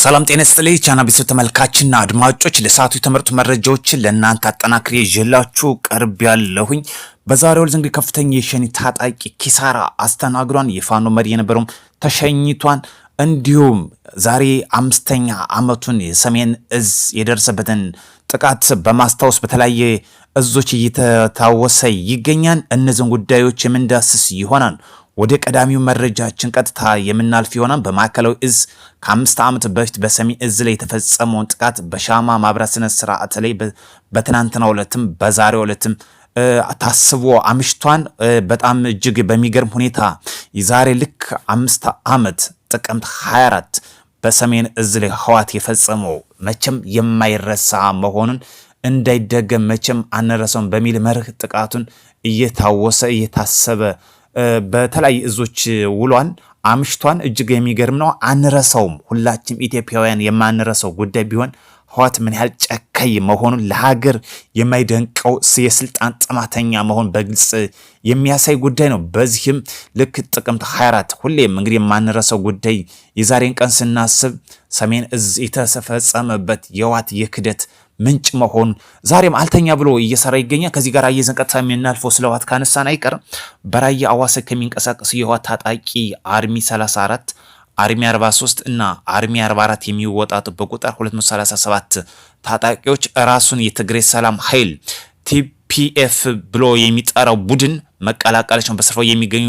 ሰላም ጤና ስጥልኝ ቻና ቤተሰብ ተመልካችና አድማጮች፣ ለሰዓቱ የተመረጡ መረጃዎችን ለእናንተ አጠናክሬ ይዤላችሁ ቀርብ ያለሁኝ። በዛሬው ዕለት እንግዲህ ከፍተኛ የሸኔ ታጣቂ ኪሳራ አስተናግዷን የፋኖ መሪ የነበረውም ተሸኝቷን እንዲሁም ዛሬ አምስተኛ ዓመቱን የሰሜን እዝ የደረሰበትን ጥቃት በማስታወስ በተለያየ እዞች እየተታወሰ ይገኛል። እነዚህን ጉዳዮች የምንዳስስ ይሆናል። ወደ ቀዳሚው መረጃችን ቀጥታ የምናልፍ ይሆናል። በማዕከላዊ እዝ ከአምስት ዓመት በፊት በሰሜን እዝ ላይ የተፈጸመውን ጥቃት በሻማ ማብራት ስነ ስርዓት ላይ በትናንትናው ዕለትም በዛሬው ዕለትም ታስቦ አምሽቷን በጣም እጅግ በሚገርም ሁኔታ የዛሬ ልክ አምስት ዓመት ጥቅምት 24 በሰሜን እዝ ላይ ህዋት የፈጸመው መቼም የማይረሳ መሆኑን እንዳይደገም መቼም አንረሳውም በሚል መርህ ጥቃቱን እየታወሰ እየታሰበ በተለያዩ እዞች ውሏን አምሽቷን እጅግ የሚገርም ነው። አንረሰውም ሁላችንም ኢትዮጵያውያን የማንረሰው ጉዳይ ቢሆን ህወሓት ምን ያህል ጨካኝ መሆኑን ለሀገር የማይደንቀው የስልጣን ጥማተኛ መሆን በግልጽ የሚያሳይ ጉዳይ ነው። በዚህም ልክ ጥቅምት 24 ሁሌም እንግዲህ የማንረሰው ጉዳይ የዛሬን ቀን ስናስብ ሰሜን እዝ የተፈጸመበት የህወሓት የክደት ምንጭ መሆን ዛሬም አልተኛ ብሎ እየሰራ ይገኛል። ከዚህ ጋር አየዘን ቀጥታ የምናልፈው ስለ ህወሓት ካነሳን አይቀርም በራያ አዋሰ ከሚንቀሳቀሱ የህወሓት ታጣቂ አርሚ 34 አርሚ 43 እና አርሚ 44 የሚወጣጡ በቁጥር 237 ታጣቂዎች ራሱን የትግሬ ሰላም ኃይል ቲፒኤፍ ብሎ የሚጠራው ቡድን መቀላቀለች ነው። በስፍራው የሚገኙ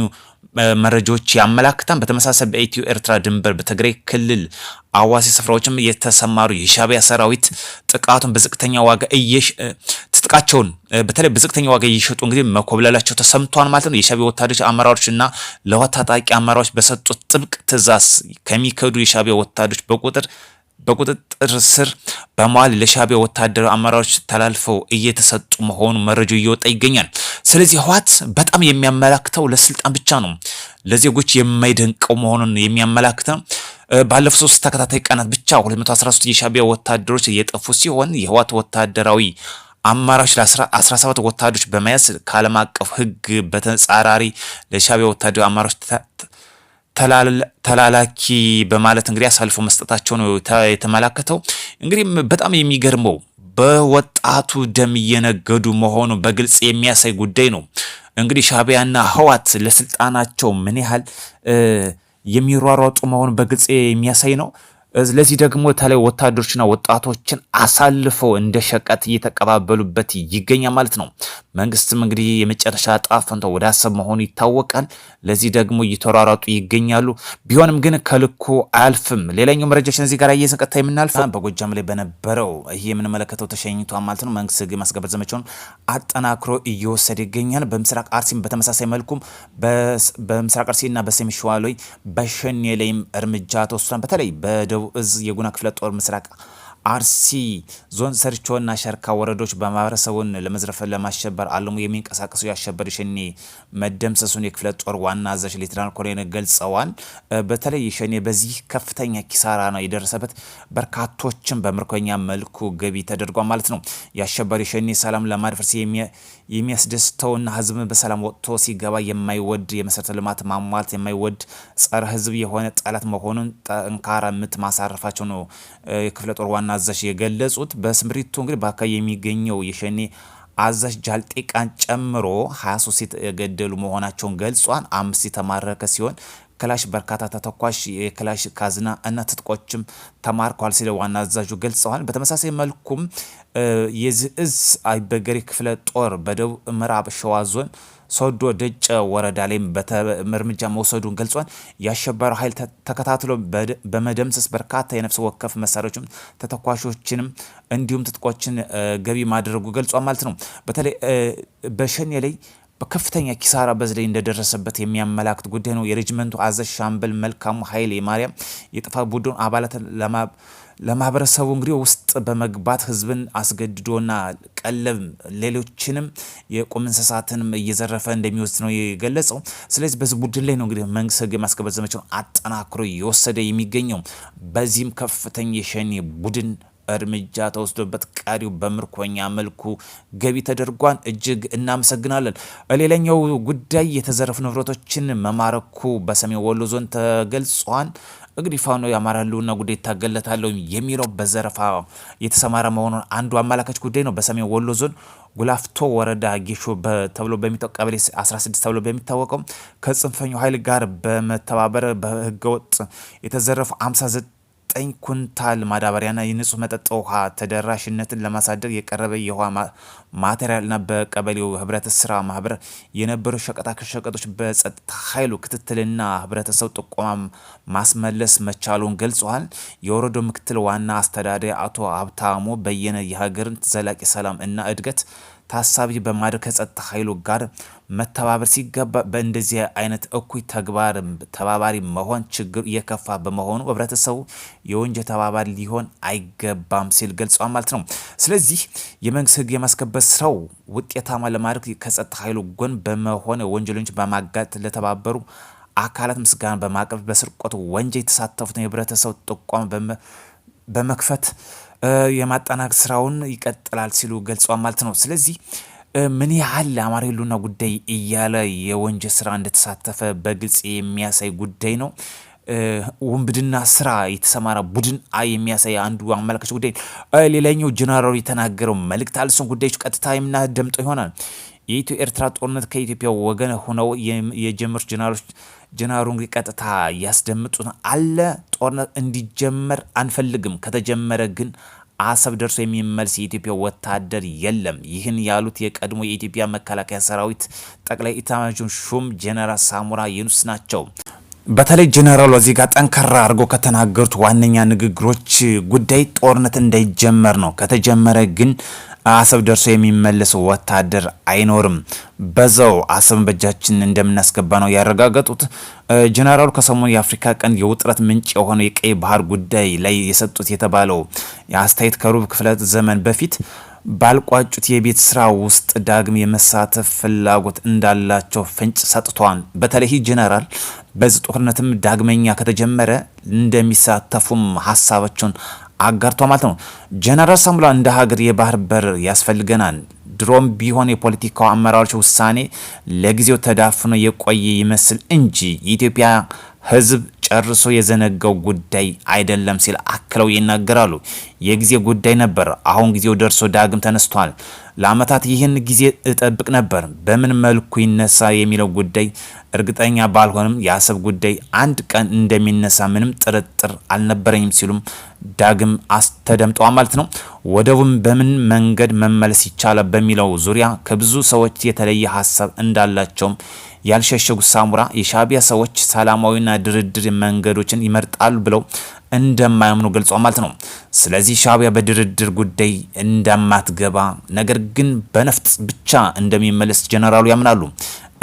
መረጃዎች ያመላክታል። በተመሳሳይ በኢትዮ ኤርትራ ድንበር በትግራይ ክልል አዋሲ ስፍራዎችም የተሰማሩ የሻቢያ ሰራዊት ጥቃቱን በዝቅተኛ ዋጋ ትጥቃቸውን በተለይ በዝቅተኛ ዋጋ እየሸጡ እንግዲህ መኮብለላቸው ተሰምቷል ማለት ነው። የሻቢያ ወታደሮች አመራሮች እና ለህወሓት ታጣቂ አመራሮች በሰጡት ጥብቅ ትዕዛዝ ከሚከዱ የሻቢያ ወታደሮች በቁጥር በቁጥጥር ስር በመዋል ለሻቢያ ወታደራዊ አመራሮች ተላልፈው እየተሰጡ መሆኑ መረጃው እየወጣ ይገኛል። ስለዚህ ህወሓት በጣም የሚያመላክተው ለስልጣን ብቻ ነው፣ ለዜጎች የማይደንቀው መሆኑን የሚያመላክተ ባለፉት ሶስት ተከታታይ ቀናት ብቻ 213 የሻቢያ ወታደሮች እየጠፉ ሲሆን የህወሓት ወታደራዊ አማራጭ ለ17 ወታደሮች በመያዝ ከዓለም አቀፍ ህግ በተጻራሪ ለሻቢያ ወታደራዊ አማራጭ ተላላኪ በማለት እንግዲህ አሳልፎ መስጠታቸው ነው የተመላከተው። እንግዲህ በጣም የሚገርመው በወጣቱ ደም እየነገዱ መሆኑ በግልጽ የሚያሳይ ጉዳይ ነው። እንግዲህ ሻቢያና ህዋት ለስልጣናቸው ምን ያህል የሚሯሯጡ መሆኑ በግልጽ የሚያሳይ ነው። ለዚህ ደግሞ የተለያዩ ወታደሮችና ወጣቶችን አሳልፈው እንደ ሸቀጥ እየተቀባበሉበት ይገኛል ማለት ነው። መንግስትም እንግዲህ የመጨረሻ ዕጣ ፈንታው ወደ አሰብ መሆኑ ይታወቃል። ለዚህ ደግሞ እየተሯሯጡ ይገኛሉ። ቢሆንም ግን ከልኩ አያልፍም። ሌላኛው መረጃችን እዚህ ጋር እየዘን ቀጥታ የምናልፈው በጎጃም ላይ በነበረው ይህ የምንመለከተው ተሸኝቷ ማለት ነው። መንግስት ህግ ማስከበር ዘመቻውን አጠናክሮ እየወሰደ ይገኛል። በምስራቅ አርሲም በተመሳሳይ መልኩም በምስራቅ አርሲና በሰሜን ሸዋ ላይ በሸኔ ላይም እርምጃ ተወስዷል። በተለይ በደ የደቡብ እዝ የጉና ክፍለ ጦር ምስራቅ አርሲ ዞን ሰርቾና ሸርካ ወረዶች በማህበረሰቡን ለመዝረፍ ለማሸበር አለሙ የሚንቀሳቀሱ የአሸባሪ ሸኔ መደምሰሱን የክፍለ ጦር ዋና አዛዥ ሌትናል ኮሎኔል ገልጸዋል። በተለይ ሸኔ በዚህ ከፍተኛ ኪሳራ ነው የደረሰበት። በርካቶችን በምርኮኛ መልኩ ገቢ ተደርጓል ማለት ነው። የአሸባሪ ሸኔ ሰላም ለማድፈርስ የሚያስደስተውና ህዝብ በሰላም ወጥቶ ሲገባ የማይወድ የመሰረተ ልማት ማሟላት የማይወድ ጸረ ህዝብ የሆነ ጠላት መሆኑን ጠንካራ ምት ማሳረፋቸው ነው የክፍለ ጦር ዋና ዋና አዛዥ የገለጹት በስምሪቱ እንግዲህ በአካባቢ የሚገኘው የሸኔ አዛዥ ጃልጤቃን ጨምሮ 23 የተገደሉ መሆናቸውን ገልጿል። አምስት የተማረከ ሲሆን ክላሽ በርካታ ተተኳሽ የክላሽ ካዝና እና ትጥቆችም ተማርከዋል ሲለ ዋና አዛዡ ገልጸዋል። በተመሳሳይ መልኩም የዚህ እዝ አይበገሪ ክፍለ ጦር በደቡብ ምዕራብ ሸዋ ዞን ሶዶ ደጨ ወረዳ ላይም እርምጃ መውሰዱን ገልጿል። የአሸባሪ ኃይል ተከታትሎ በመደምሰስ በርካታ የነፍስ ወከፍ መሳሪያዎችም ተተኳሾችንም እንዲሁም ትጥቆችን ገቢ ማድረጉ ገልጿል ማለት ነው። በተለይ በሸኔ ላይ በከፍተኛ ኪሳራ በዝላይ እንደደረሰበት የሚያመላክት ጉዳይ ነው። የሬጅመንቱ አዛዥ ሻምበል መልካሙ ኃይሌ ማርያም የጥፋት ቡድን አባላትን ለማህበረሰቡ እንግዲህ ውስጥ በመግባት ህዝብን አስገድዶና ቀለብ ሌሎችንም የቁም እንስሳትንም እየዘረፈ እንደሚወስድ ነው የገለጸው። ስለዚህ በዚህ ቡድን ላይ ነው እንግዲህ መንግስት ህግ የማስከበር ዘመቻውን አጠናክሮ እየወሰደ የሚገኘው። በዚህም ከፍተኛ የሸኔ ቡድን እርምጃ ተወስዶበት ቀሪው በምርኮኛ መልኩ ገቢ ተደርጓል። እጅግ እናመሰግናለን። ሌላኛው ጉዳይ የተዘረፉ ንብረቶችን መማረኩ በሰሜን ወሎ ዞን ተገልጿል። እንግዲህ ፋኖ የአማራ ህልውና ጉዳይ ይታገለታለሁ የሚለው በዘረፋ የተሰማረ መሆኑን አንዱ አመላካች ጉዳይ ነው። በሰሜን ወሎ ዞን ጉላፍቶ ወረዳ ጌሾ ተብሎ በሚታወቅ ቀበሌ 16 ተብሎ በሚታወቀው ከጽንፈኛው ኃይል ጋር በመተባበር በህገወጥ የተዘረፉ 59 ዘጠኝ ኩንታል ማዳበሪያና የንጹህ መጠጥ ውሃ ተደራሽነትን ለማሳደግ የቀረበ የውሃ ማቴሪያልና በቀበሌው ህብረት ስራ ማህበር የነበሩ ሸቀጣሸቀጦች በጸጥታ ኃይሉ ክትትልና ህብረተሰብ ጥቆማ ማስመለስ መቻሉን ገልጸዋል። የወረዶ ምክትል ዋና አስተዳዳሪ አቶ ሀብታሙ በየነ የሀገርን ዘላቂ ሰላም እና እድገት ታሳቢ በማድረግ ከጸጥታ ኃይሉ ጋር መተባበር ሲገባ በእንደዚህ አይነት እኩይ ተግባር ተባባሪ መሆን ችግሩ እየከፋ በመሆኑ ህብረተሰቡ የወንጀል ተባባሪ ሊሆን አይገባም ሲል ገልጿል ማለት ነው። ስለዚህ የመንግስት ህግ የማስከበር ስራው ውጤታማ ለማድረግ ከጸጥታ ኃይሉ ጎን በመሆን ወንጀለኞች በማጋት ለተባበሩ አካላት ምስጋና በማቅረብ በስርቆት ወንጀል የተሳተፉትን የህብረተሰቡ ጥቆማ በመክፈት የማጠናቅ ስራውን ይቀጥላል ሲሉ ገልጸዋል ማለት ነው። ስለዚህ ምን ያህል ለአማራ ሕልውና ጉዳይ እያለ የወንጀል ስራ እንደተሳተፈ በግልጽ የሚያሳይ ጉዳይ ነው። ውንብድና ስራ የተሰማራ ቡድን የሚያሳይ አንዱ አመላካች ጉዳይ። ሌላኛው ጀነራሉ የተናገረው መልእክት አልሰን ጉዳዮች ቀጥታ የምናደምጠው ይሆናል። የኢትዮ ኤርትራ ጦርነት ከኢትዮጵያ ወገን ሆነው የጀመሩት ጀነራሎች ጀነራሉ እንግዲህ ቀጥታ ያስደምጡን አለ። ጦርነት እንዲጀመር አንፈልግም፣ ከተጀመረ ግን አሰብ ደርሶ የሚመልስ የኢትዮጵያ ወታደር የለም። ይህን ያሉት የቀድሞ የኢትዮጵያ መከላከያ ሰራዊት ጠቅላይ ኢታማዦር ሹም ጀነራል ሳሙራ የኑስ ናቸው። በተለይ ጄኔራሉ እዚህ ጋር ጠንከራ አድርጎ ከተናገሩት ዋነኛ ንግግሮች ጉዳይ ጦርነት እንዳይጀመር ነው። ከተጀመረ ግን አሰብ ደርሶ የሚመለስ ወታደር አይኖርም፣ በዛው አሰብን በእጃችን እንደምናስገባ ነው ያረጋገጡት። ጄኔራሉ ከሰሞኑ የአፍሪካ ቀንድ የውጥረት ምንጭ የሆነው የቀይ ባህር ጉዳይ ላይ የሰጡት የተባለው አስተያየት ከሩብ ክፍለ ዘመን በፊት ባልቋጩት የቤት ስራ ውስጥ ዳግም የመሳተፍ ፍላጎት እንዳላቸው ፍንጭ ሰጥቷል። በተለይ ጄኔራል በዚህ ጦርነትም ዳግመኛ ከተጀመረ እንደሚሳተፉም ሀሳባቸውን አጋርቷ ማለት ነው። ጄኔራል ሳሙላ እንደ ሀገር የባህር በር ያስፈልገናል ድሮም ቢሆን የፖለቲካው አመራሮች ውሳኔ ለጊዜው ተዳፍኖ የቆየ ይመስል እንጂ የኢትዮጵያ ሕዝብ ጨርሶ የዘነጋው ጉዳይ አይደለም ሲል አክለው ይናገራሉ። የጊዜ ጉዳይ ነበር። አሁን ጊዜው ደርሶ ዳግም ተነስቷል። ለአመታት ይህን ጊዜ እጠብቅ ነበር። በምን መልኩ ይነሳ የሚለው ጉዳይ እርግጠኛ ባልሆንም የአሰብ ጉዳይ አንድ ቀን እንደሚነሳ ምንም ጥርጥር አልነበረኝም ሲሉም ዳግም አስተደምጠዋ ማለት ነው። ወደቡም በምን መንገድ መመለስ ይቻላል በሚለው ዙሪያ ከብዙ ሰዎች የተለየ ሀሳብ እንዳላቸውም ያልሸሸጉ ሳሙራ የሻቢያ ሰዎች ሰላማዊና ድርድር መንገዶችን ይመርጣሉ ብለው እንደማያምኑ ገልጿል ማለት ነው። ስለዚህ ሻቢያ በድርድር ጉዳይ እንደማትገባ ነገር ግን በነፍጥ ብቻ እንደሚመለስ ጀነራሉ ያምናሉ።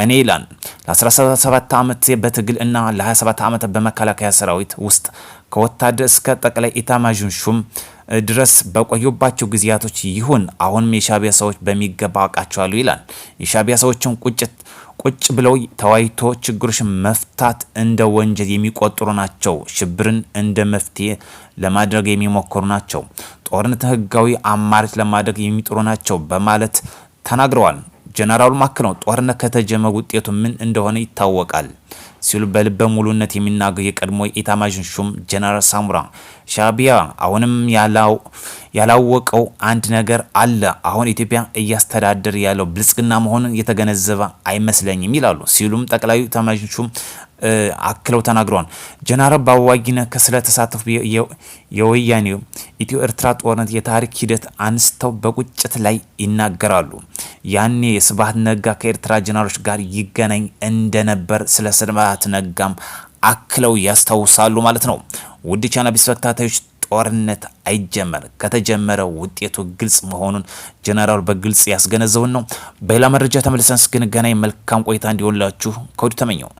እኔ ይላል ለ17 ዓመት በትግል እና ለ27 ዓመት በመከላከያ ሰራዊት ውስጥ ከወታደር እስከ ጠቅላይ ኢታማዦር ሹም ድረስ በቆዩባቸው ጊዜያቶች ይሁን አሁንም የሻቢያ ሰዎች በሚገባ አውቃቸዋለሁ ይላል። የሻቢያ ሰዎችን ቁጭት ቁጭ ብለው ተወያይቶ ችግሮችን መፍታት እንደ ወንጀል የሚቆጥሩ ናቸው። ሽብርን እንደ መፍትሄ ለማድረግ የሚሞክሩ ናቸው። ጦርነትን ህጋዊ አማራጭ ለማድረግ የሚጥሩ ናቸው በማለት ተናግረዋል። ጀነራሉ ማክለው ጦርነት ከተጀመረ ውጤቱ ምን እንደሆነ ይታወቃል። ሲሉ በልበ ሙሉነት የሚናገሩ የቀድሞ ኢታማዦር ሹም ጀነራል ሳሙራ ሻቢያ አሁንም ያላወቀው አንድ ነገር አለ። አሁን ኢትዮጵያ እያስተዳደር ያለው ብልጽግና መሆኑን የተገነዘበ አይመስለኝም ይላሉ ሲሉም ጠቅላዩ ኢታማዦር ሹም አክለው ተናግረዋል። ጀነራል በአዋጊነት ስለተሳተፉ የወያኔው ኢትዮ ኤርትራ ጦርነት የታሪክ ሂደት አንስተው በቁጭት ላይ ይናገራሉ። ያኔ የስብሀት ነጋ ከኤርትራ ጀነራሎች ጋር ይገናኝ እንደነበር ስለ ስብሀት ነጋም አክለው ያስታውሳሉ ማለት ነው። ውድ ቻና ቢስፈክታታዮች ጦርነት አይጀመርም፣ ከተጀመረ ውጤቱ ግልጽ መሆኑን ጀነራሉ በግልጽ ያስገነዘቡን ነው። በሌላ መረጃ ተመልሰን እስክንገናኝ መልካም ቆይታ እንዲሆንላችሁ ከወዲሁ ተመኘው።